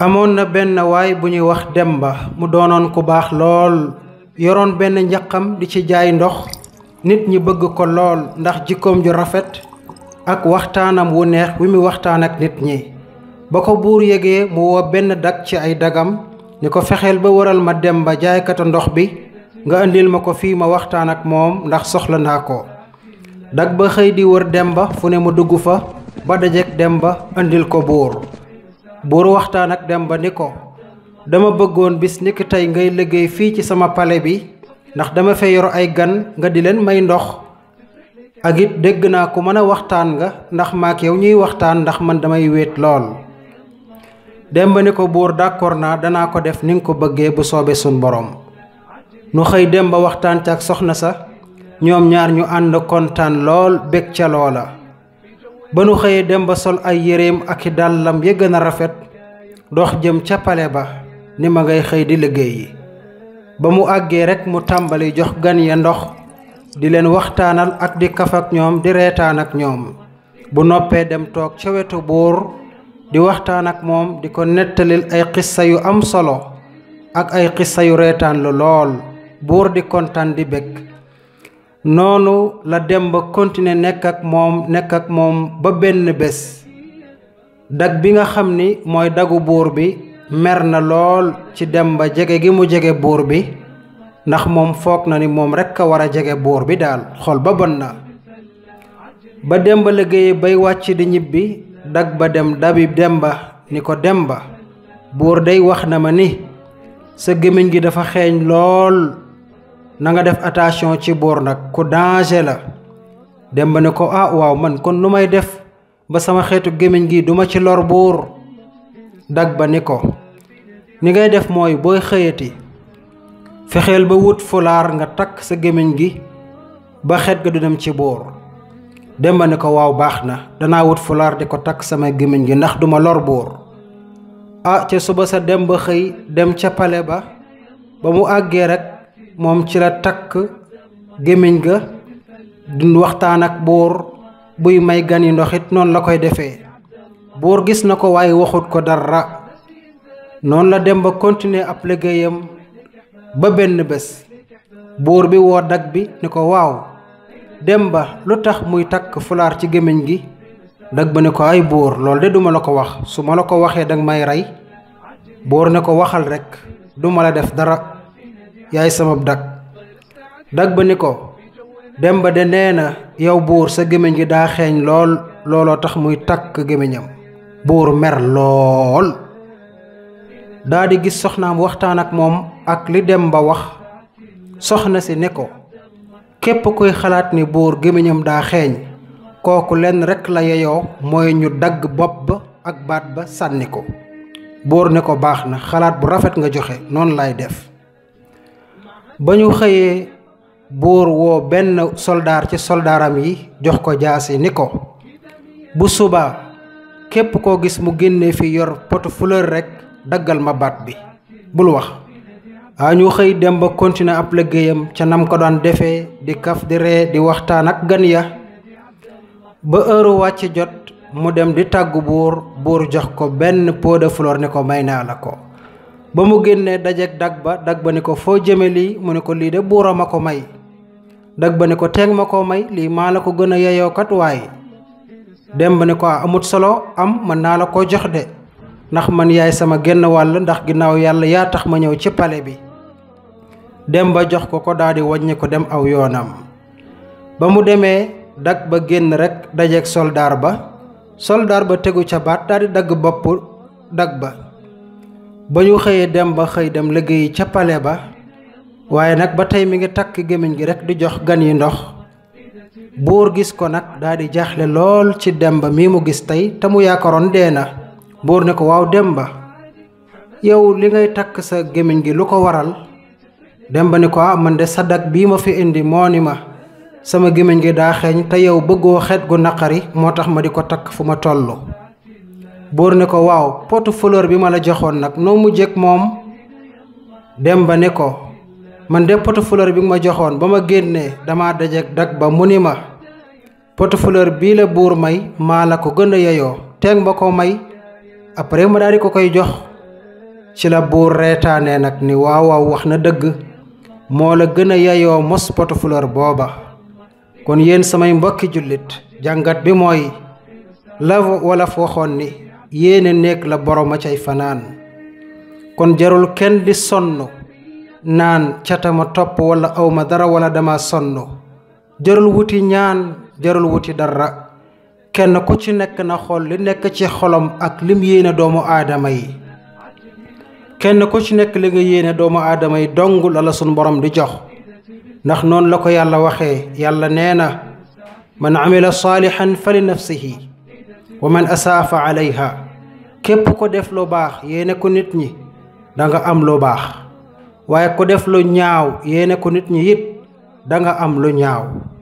amoon na benn waay bu ñuy wax dem ba mu doonoon ku baax lool yoroon benn njaqam di ci jaay ndox nit ñi bëgg ko lool ndax jikkoom ju rafet ak waxtaanam wu neex wi mu waxtaan ak nit ñi ba ko buur yégee mu woo benn dag ci ay dagam ni ko fexeel ba waral ma dem ba jaaykatu ndox bi nga indil ma ko fii ma waxtaan ak moom ndax soxla naa ko dag ba xëy di wër Demba fu ne mu dugg fa ba dajeek ba indil ko buur buur waxtaan ak dem ba ni ko dama bëggoon bis nikk tey ngay liggéey fii ci sama pale bi ndax dama fee yor ay gan nga di leen may ndox ak it dégg naa ku mën a waxtaan nga ndax maak yow ñuy waxtaan ndax man damay wéet lool Demba ni ko buur d'accord naa danaa ko def ni nga ko bëggee bu soobee sun borom nu xëy dem ba waxtaan ca ak soxna sa ñoom ñaar ñu ànd kontaan lool bég ca loola ba nu xëyee dem ba sol ay yéreem ak i dàllam ya gën a rafet dox jëm ca pale ba ni ma ngay xëy di liggéey yi ba mu àggee rekk mu tàmbali jox gan ya ndox di leen waxtaanal ak di kaf ak ñoom di reetaan ak ñoom bu noppee dem toog ca wetu buur di waxtaan ak moom di ko nettalil ay xissa yu am solo ak ay xissa yu reetaan lu lool buur di kontaan di bëgg noonu la dem ba continuer nekk ak moom nekk ak moom ba benn bés dag bi nga xam ni mooy dagu buur bi mer na lool ci dem ba jege gi mu jege buur bi ndax moom foog na ni moom rekk a war a jege buur bi daal xol ba bon na ba dem ba liggéeye bay wàcc di ñibbi dag ba dem dabi dem ba ni ko dem ba buur day wax na ma ni sa gémmiñ gi dafa xeeñ lool nanga def attention ci buur nag ku danger la dem ba ne ko ah waaw man kon nu may def ba sama xeetu gémmiñ gi duma ci lor buur dag ba ni ko ni ngay def mooy booy xëyati fexeel ba wut fulaar nga takk sa gémmiñ gi ba xet ga du dem ci buur dem ba ni ko waaw baax na dana wut fulaar di ko takk sama gémmiñ gi ndax duma lor buur ah ca suba sa dem ba xëy dem ca pale ba ba mu àggee rek moom ci la takk gémmiñ ga dund waxtaan ak buur buy may gan yi ndox it noonu la koy defee buur gis na ko waaye waxut ko dara noonu la dem ba continuer ab liggéeyam ba benn bés buur bi woo dag bi ni ko waaw dem ba lu tax muy takk fulaar ci gémmiñ gi dag ba ne ko ay bóor loolu de duma la ko wax su ma la ko waxee danga may rey bóor ne ko waxal rekk duma la def dara yaay sama dag dag ba ni ko dem ba de nee na yow buur sa gémmiñ gi daa xeeñ lool looloo tax muy takk gémmiñam buur mer lool daa di gis soxnaam waxtaan ak moom ak li dem ba wax soxna si ne ko képp kuy xalaat ni buur gémmiñam daa xeeñ kooku lenn rekk la yeyoo mooy ñu dagg bopp ba ak baat ba sànni ko buur ne ko baax na xalaat bu rafet nga joxe noonu lay def ba ñu xëyee buur woo benn soldaar ci soldaaram yi jox ko jaasi ni ko bu subaa képp koo gis mu génne fi yor potu fleur rekk daggal ma baat bi bul wax a ñu xëy dem ba continuer ab liggéeyam ca nam ko daan defee di kaf di ree di waxtaan ak gan ya ba heure wàcc jot mu dem di tàggu buur buur jox ko benn pot de ni ko may naa la ko ba mu génnee dajeeg dagg ba dag ba ne ko foo jëme lii mu ne ko lii de buura a ko may dag ba ne ko teeg ma ko may lii maa la ko gën a yeyookat waaye dem ba ne ko ah, amut solo am mën naa la koo jox de ndax man yaay sama genn wàll ndax ginnaaw yàlla yaa tax ma ñëw ci pale bi dem ba jox ko ko daldi wàññi ko dem aw yoonam ba mu demee dag ba génn rekk dajeek soldaar ba soldaar ba tegu ca baat daldi dagg boppu dag ba ba ñu xëyee dem ba xëy dem liggéey ca pale ba waaye nag ba tey mi ngi takk gémmiñ gi rek di jox gan yi ndox buur gis ko nag daal di jaaxle lool ci dem ba mii mu gis tey te mu yaakaaroon dee na buur ne ko waaw dem ba yow li ngay takk sa gémmiñ gi lu ko waral Demba ni ko ah man de sadak bii ma fi indi moo ni ma sama gémmiñ gi daa xeeñ te yow bëggoo xet gu naqari moo tax ma di ko takk fu ma toll buur ne ko waaw portefeuille bi ma la joxoon nag noo mu ak moom dem ba ne ko man de portefeuille bi ma joxoon ba ma génnee dama dajeek dag ba mu ni ma portefeuille bii la buur may maa la ko gën a yeyoo teeg ba ko may après ma daal ko koy jox ci la buur reetaane nag ni waaw wax na dëgg moo la gën a yeyoo mos portefeuille booba kon yéen samay mbokki jullit jàngat bi mooy la wolof waxoon ni yéene néeg la boroma cay fanaan kon jarul kenn di sonn naan catama topp wala awma dara wala dama sonn jarul wuti ñaan jarul wuti dara kenn ku ci nekk na xool li nekk ci xolom ak lim yéene doomu aadama yi kenn ku ci nekk li nga yéene doomu aadama yi dong la la sunu borom di jox ndax noonu la ko yàlla waxee yàlla nee na man amila saalihan fali nafsihi wa man asaafa alayha képp ko def lu baax yéene ko nit ñi danga am lu baax waaye ko def lu ñaaw yéene ko nit ñi it danga am lu ñaaw